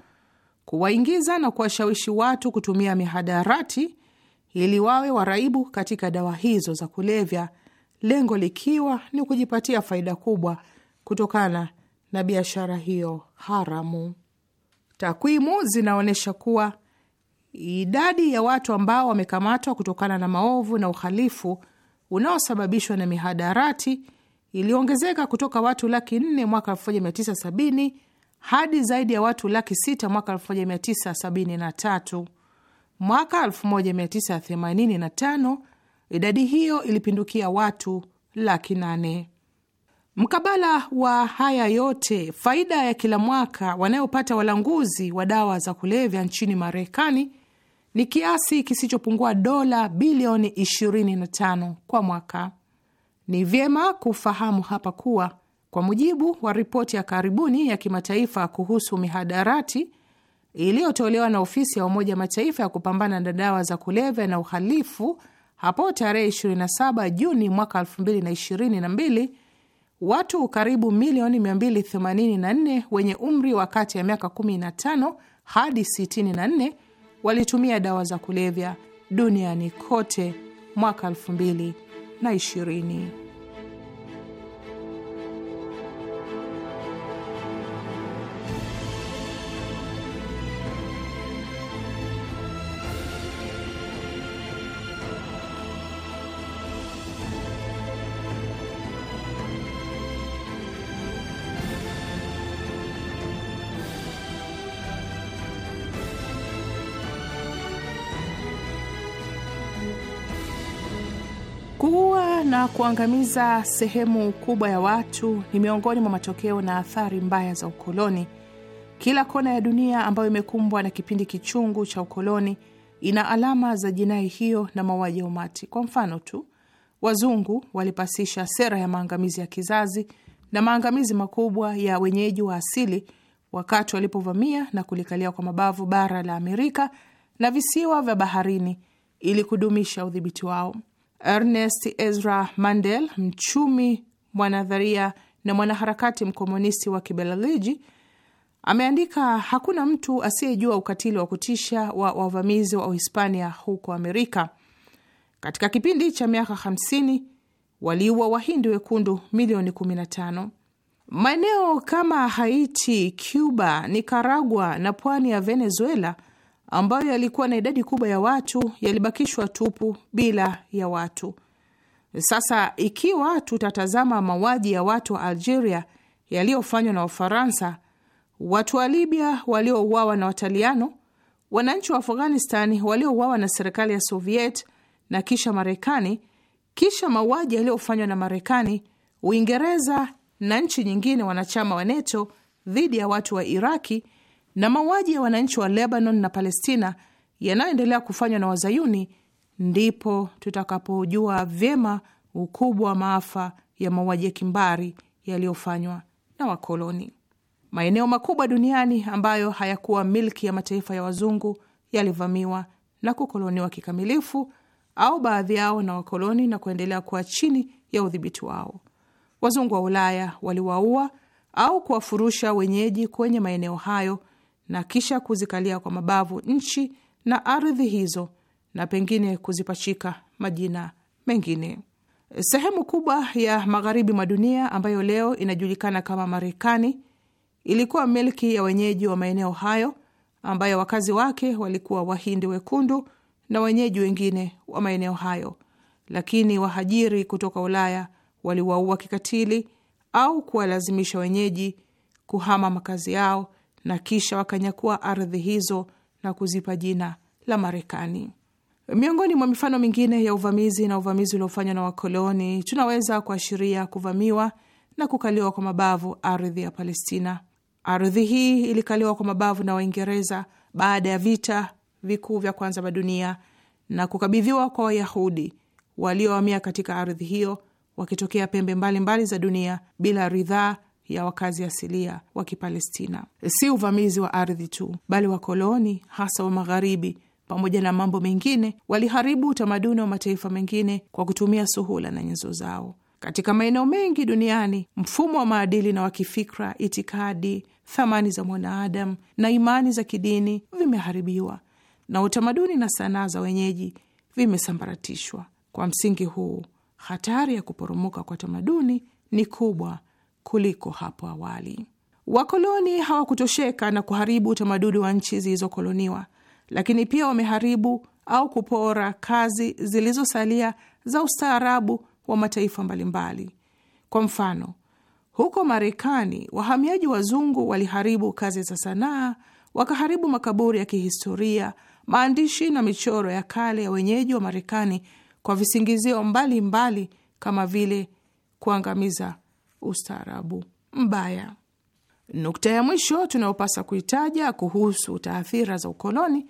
kuwaingiza na kuwashawishi watu kutumia mihadarati ili wawe waraibu katika dawa hizo za kulevya, lengo likiwa ni kujipatia faida kubwa kutokana na biashara hiyo haramu. Takwimu zinaonyesha kuwa idadi ya watu ambao wamekamatwa kutokana na maovu na uhalifu unaosababishwa na mihadarati iliongezeka kutoka watu laki nne mwaka sabini hadi zaidi ya watu laki sita mwaka tatu. Mwaka tano idadi hiyo ilipindukia watu laki nane. Mkabala wa haya yote, faida ya kila mwaka wanayopata walanguzi wa dawa za kulevya nchini Marekani ni kiasi kisichopungua dola bilioni 25 kwa mwaka. Ni vyema kufahamu hapa kuwa kwa mujibu wa ripoti ya karibuni ya kimataifa kuhusu mihadarati iliyotolewa na ofisi ya Umoja Mataifa ya kupambana na dawa za kulevya na uhalifu hapo tarehe 27 Juni mwaka 2022, watu karibu milioni 284 wenye umri wa kati ya miaka 15 hadi 64 walitumia dawa za kulevya duniani kote mwaka 2000 na ishirini. Kuua na kuangamiza sehemu kubwa ya watu ni miongoni mwa matokeo na athari mbaya za ukoloni. Kila kona ya dunia ambayo imekumbwa na kipindi kichungu cha ukoloni ina alama za jinai hiyo na mauaji ya umati. Kwa mfano tu, wazungu walipasisha sera ya maangamizi ya kizazi na maangamizi makubwa ya wenyeji wa asili wakati walipovamia na kulikalia kwa mabavu bara la Amerika na visiwa vya baharini ili kudumisha udhibiti wao. Ernest Ezra Mandel, mchumi, mwanadharia na mwanaharakati mkomunisti wa Kibelgiji, ameandika hakuna mtu asiyejua ukatili wa kutisha wa wavamizi wa Uhispania huko Amerika. Katika kipindi cha miaka 50 waliua wahindi wekundu milioni 15. Maeneo kama Haiti, Cuba, Nicaragua na pwani ya Venezuela ambayo yalikuwa na idadi kubwa ya watu yalibakishwa tupu bila ya watu. Sasa ikiwa tutatazama mauaji ya watu wa Algeria yaliyofanywa na Wafaransa, watu wa Libya waliouawa na Wataliano, wananchi wa afghanistan waliouawa na serikali ya Soviet na kisha Marekani, kisha mauaji yaliyofanywa na Marekani, Uingereza na nchi nyingine wanachama wa NATO dhidi ya watu wa Iraki na mauaji ya wananchi wa Lebanon na Palestina yanayoendelea kufanywa na Wazayuni, ndipo tutakapojua vyema ukubwa wa maafa ya mauaji ya kimbari yaliyofanywa na wakoloni. Maeneo makubwa duniani ambayo hayakuwa milki ya mataifa ya wazungu yalivamiwa na kukoloniwa kikamilifu au baadhi yao na wakoloni na kuendelea kuwa chini ya udhibiti wao. Wazungu wa Ulaya waliwaua au kuwafurusha wenyeji kwenye maeneo hayo na kisha kuzikalia kwa mabavu nchi na ardhi hizo na pengine kuzipachika majina mengine. Sehemu kubwa ya magharibi mwa dunia ambayo leo inajulikana kama Marekani ilikuwa milki ya wenyeji wa maeneo hayo ambayo wakazi wake walikuwa Wahindi wekundu na wenyeji wengine wa maeneo hayo, lakini wahajiri kutoka Ulaya waliwaua kikatili au kuwalazimisha wenyeji kuhama makazi yao na kisha wakanyakua ardhi hizo na kuzipa jina la Marekani. Miongoni mwa mifano mingine ya uvamizi na uvamizi uliofanywa na wakoloni, tunaweza kuashiria kuvamiwa na kukaliwa kwa mabavu ardhi ya Palestina. Ardhi hii ilikaliwa kwa mabavu na Waingereza baada ya vita vikuu vya kwanza vya dunia na kukabidhiwa kwa Wayahudi waliohamia katika ardhi hiyo wakitokea pembe mbalimbali mbali za dunia bila ridhaa ya wakazi asilia wa Kipalestina. Si uvamizi wa ardhi tu, bali wakoloni hasa wa Magharibi pamoja na mambo mengine waliharibu utamaduni wa mataifa mengine kwa kutumia suhula na nyenzo zao. Katika maeneo mengi duniani, mfumo wa maadili na wa kifikra, itikadi, thamani za mwanaadamu na imani za kidini vimeharibiwa na utamaduni na sanaa za wenyeji vimesambaratishwa. Kwa msingi huu, hatari ya kuporomoka kwa tamaduni ni kubwa kuliko hapo awali. Wakoloni hawakutosheka na kuharibu utamaduni wa nchi zilizokoloniwa, lakini pia wameharibu au kupora kazi zilizosalia za ustaarabu wa mataifa mbalimbali. Kwa mfano, huko Marekani wahamiaji wazungu waliharibu kazi za sanaa, wakaharibu makaburi ya kihistoria, maandishi na michoro ya kale ya wenyeji wa Marekani kwa visingizio mbalimbali mbali, kama vile kuangamiza ustaarabu mbaya. Nukta ya mwisho tunayopasa kuitaja kuhusu taathira za ukoloni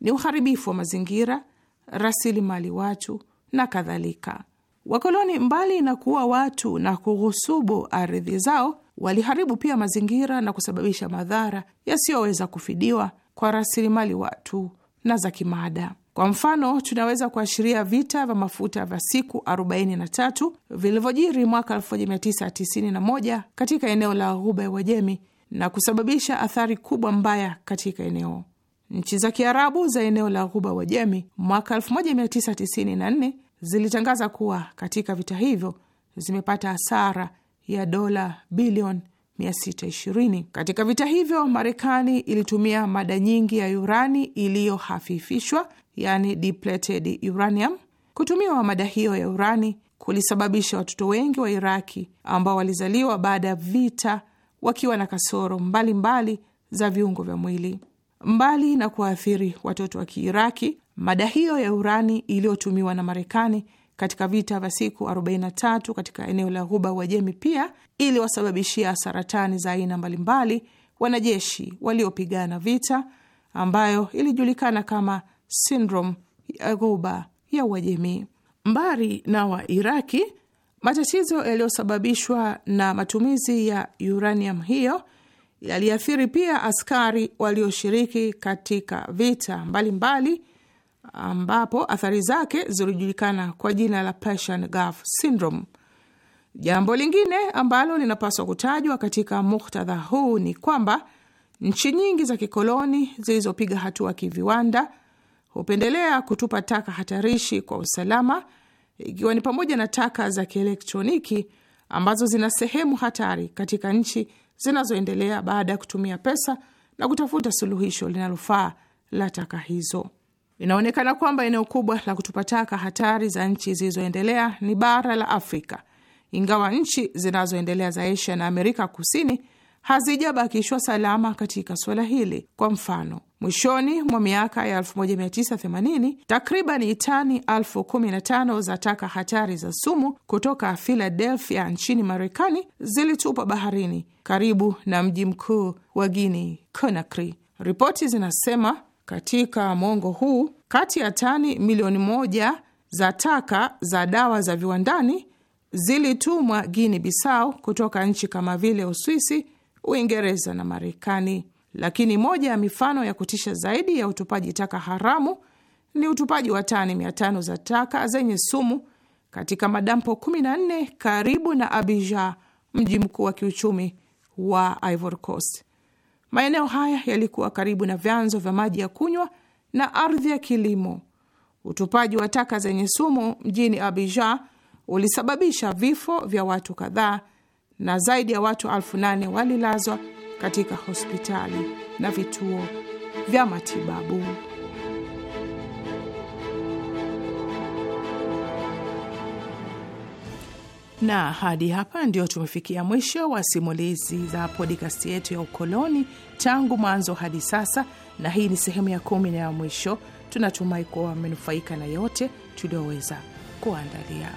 ni uharibifu wa mazingira, rasilimali watu na kadhalika. Wakoloni mbali na kuua watu na kughusubu ardhi zao, waliharibu pia mazingira na kusababisha madhara yasiyoweza kufidiwa kwa rasilimali watu na za kimada kwa mfano, tunaweza kuashiria vita vya mafuta vya siku 43 vilivyojiri mwaka 1991 katika eneo la Ghuba ya Uajemi na kusababisha athari kubwa mbaya katika eneo. Nchi za Kiarabu za eneo la Ghuba ya Uajemi mwaka 1994 zilitangaza kuwa katika vita hivyo zimepata hasara ya dola bilioni 620. Katika vita hivyo Marekani ilitumia mada nyingi ya urani iliyohafifishwa yani depleted uranium. Kutumiwa mada hiyo ya urani kulisababisha watoto wengi wa Iraki ambao walizaliwa baada ya vita wakiwa na kasoro mbalimbali mbali za viungo vya mwili. Mbali na kuwaathiri watoto wa Kiiraki, mada hiyo ya urani iliyotumiwa na Marekani katika vita vya siku 43 katika eneo la Ghuba Uajemi pia iliwasababishia saratani za aina mbalimbali wanajeshi waliopigana vita, ambayo ilijulikana kama syndrome ya ghuba ya Uajemi. Mbali na Wairaki, matatizo yaliyosababishwa na matumizi ya uranium hiyo yaliathiri pia askari walioshiriki katika vita mbalimbali mbali, ambapo athari zake zilijulikana kwa jina la Persian Gulf Syndrome. Jambo lingine ambalo linapaswa kutajwa katika muktadha huu ni kwamba nchi nyingi za kikoloni zilizopiga hatua kiviwanda hupendelea kutupa taka hatarishi kwa usalama, ikiwa ni pamoja na taka za kielektroniki ambazo zina sehemu hatari katika nchi zinazoendelea baada ya kutumia pesa na kutafuta suluhisho linalofaa la taka hizo. Inaonekana kwamba eneo kubwa la kutupa taka hatari za nchi zilizoendelea ni bara la Afrika, ingawa nchi zinazoendelea za Asia na Amerika Kusini hazijabakishwa salama katika suala hili. Kwa mfano, mwishoni mwa miaka ya 1980 takribani tani elfu 15 za taka hatari za sumu kutoka Philadelphia nchini Marekani zilitupwa baharini karibu na mji mkuu wa Guinea Conakry. Ripoti zinasema katika mwongo huu kati ya tani milioni moja za taka za dawa za viwandani zilitumwa Guinea Bissau kutoka nchi kama vile Uswisi, Uingereza na Marekani. Lakini moja ya mifano ya kutisha zaidi ya utupaji taka haramu ni utupaji wa tani tano za taka zenye sumu katika madampo 14 karibu na abija mji mkuu wa kiuchumi wa Ivory Coast. Maeneo haya yalikuwa karibu na vyanzo vya maji ya kunywa na ardhi ya kilimo. Utupaji wa taka zenye sumu mjini abija ulisababisha vifo vya watu kadhaa na zaidi ya watu elfu nane walilazwa katika hospitali na vituo vya matibabu. Na hadi hapa ndio tumefikia mwisho wa simulizi za podikasti yetu ya ukoloni tangu mwanzo hadi sasa, na hii ni sehemu ya kumi na ya mwisho. Tunatumai kuwa wamenufaika na yote tulioweza kuandalia.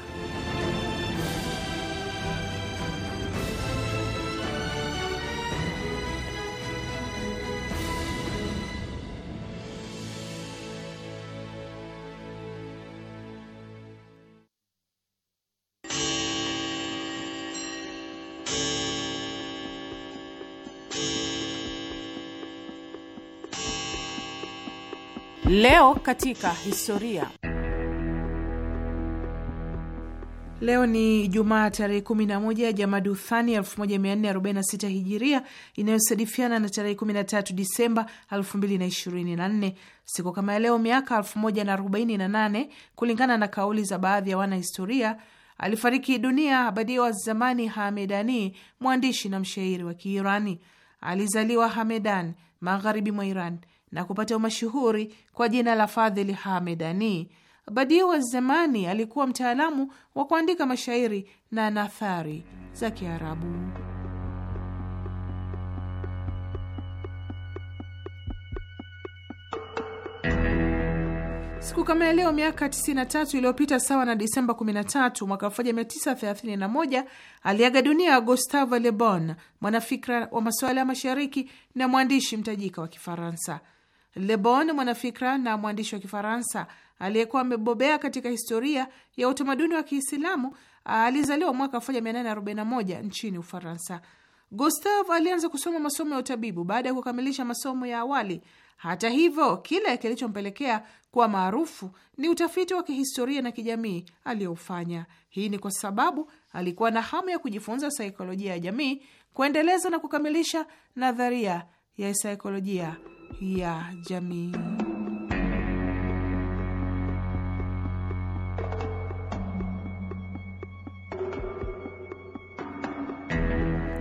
Leo katika historia. Leo ni jumaa tarehe 11 Jamaduthani 1446 Hijiria, inayosadifiana na tarehe 13 Disemba 2024. Siku kama ya leo miaka 1048 kulingana na kauli za baadhi ya wanahistoria alifariki dunia abadia wa zamani Hamedani, mwandishi na mshairi wa Kiirani. Alizaliwa Hamedan, magharibi mwa Iran na kupata umashuhuri kwa jina la Fadhili Hamedani. Badiu wa Zemani alikuwa mtaalamu wa kuandika mashairi na nathari za Kiarabu. Siku kama ya leo miaka 93 iliyopita, sawa na Disemba 13 mwaka 1931, aliaga dunia Gustave Le Bon, mwanafikra wa masuala ya mashariki na mwandishi mtajika wa Kifaransa lebon mwanafikra na mwandishi wa Kifaransa aliyekuwa amebobea katika historia ya utamaduni wa Kiislamu, alizaliwa mwaka 1841 nchini Ufaransa. Gustave alianza kusoma masomo ya utabibu baada ya kukamilisha masomo ya awali. Hata hivyo, kile kilichompelekea kuwa maarufu ni utafiti wa kihistoria na kijamii aliyoufanya. Hii ni kwa sababu alikuwa na hamu ya kujifunza saikolojia ya jamii, kuendeleza na kukamilisha nadharia ya saikolojia ya jamii.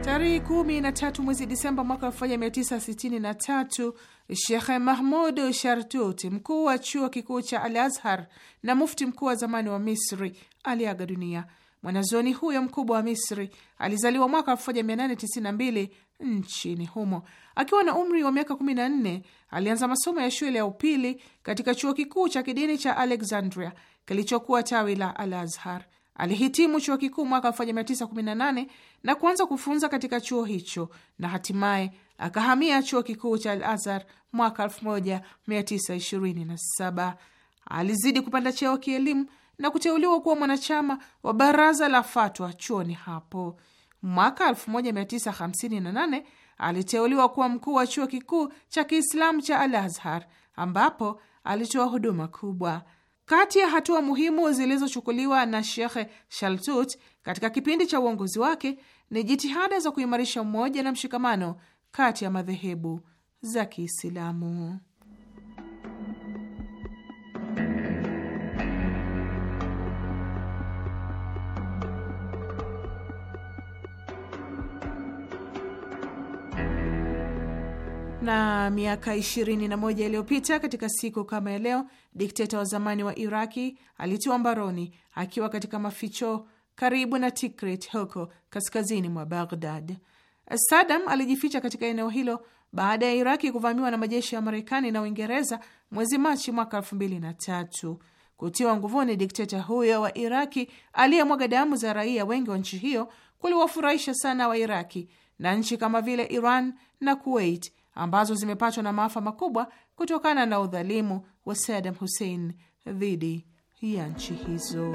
Tarehe kumi na tatu mwezi Disemba mwaka elfu moja mia tisa sitini na tatu Shekhe Mahmud Shartut, mkuu wa chuo kikuu cha Al Azhar na mufti mkuu wa zamani wa Misri, aliaga dunia. mwanazoni huyo mkubwa wa Misri alizaliwa mwaka 1892 nchini humo. Akiwa na umri wa miaka 14 alianza masomo ya shule ya upili katika chuo kikuu cha kidini cha Alexandria kilichokuwa tawi la Al Azhar. Alihitimu chuo kikuu mwaka 1918 na kuanza kufunza katika chuo hicho na hatimaye akahamia chuo kikuu cha Al Azhar mwaka 1927. Alizidi kupanda cheo kielimu na kuteuliwa kuwa mwanachama wa baraza la fatwa chuoni hapo. Mwaka 1958 aliteuliwa kuwa mkuu wa chuo kikuu cha Kiislamu cha Al Azhar ambapo alitoa huduma kubwa. Kati ya hatua muhimu zilizochukuliwa na Shekhe Shaltut katika kipindi cha uongozi wake ni jitihada za kuimarisha umoja na mshikamano kati ya madhehebu za Kiislamu. na miaka 21 iliyopita katika siku kama ya leo, dikteta wa zamani wa Iraki alitiwa mbaroni akiwa katika maficho karibu na Tikrit huko kaskazini mwa Baghdad. Sadam alijificha katika eneo hilo baada ya Iraki kuvamiwa na majeshi ya Marekani na Uingereza mwezi Machi mwaka tatu. Kutiwa nguvuni dikteta huyo wa Iraki aliyemwaga damu za raia wengi wa nchi hiyo kuliwafurahisha sana Wairaki na nchi kama vile Iran na Kuwait ambazo zimepatwa na maafa makubwa kutokana na udhalimu wa Saddam Hussein dhidi ya nchi hizo.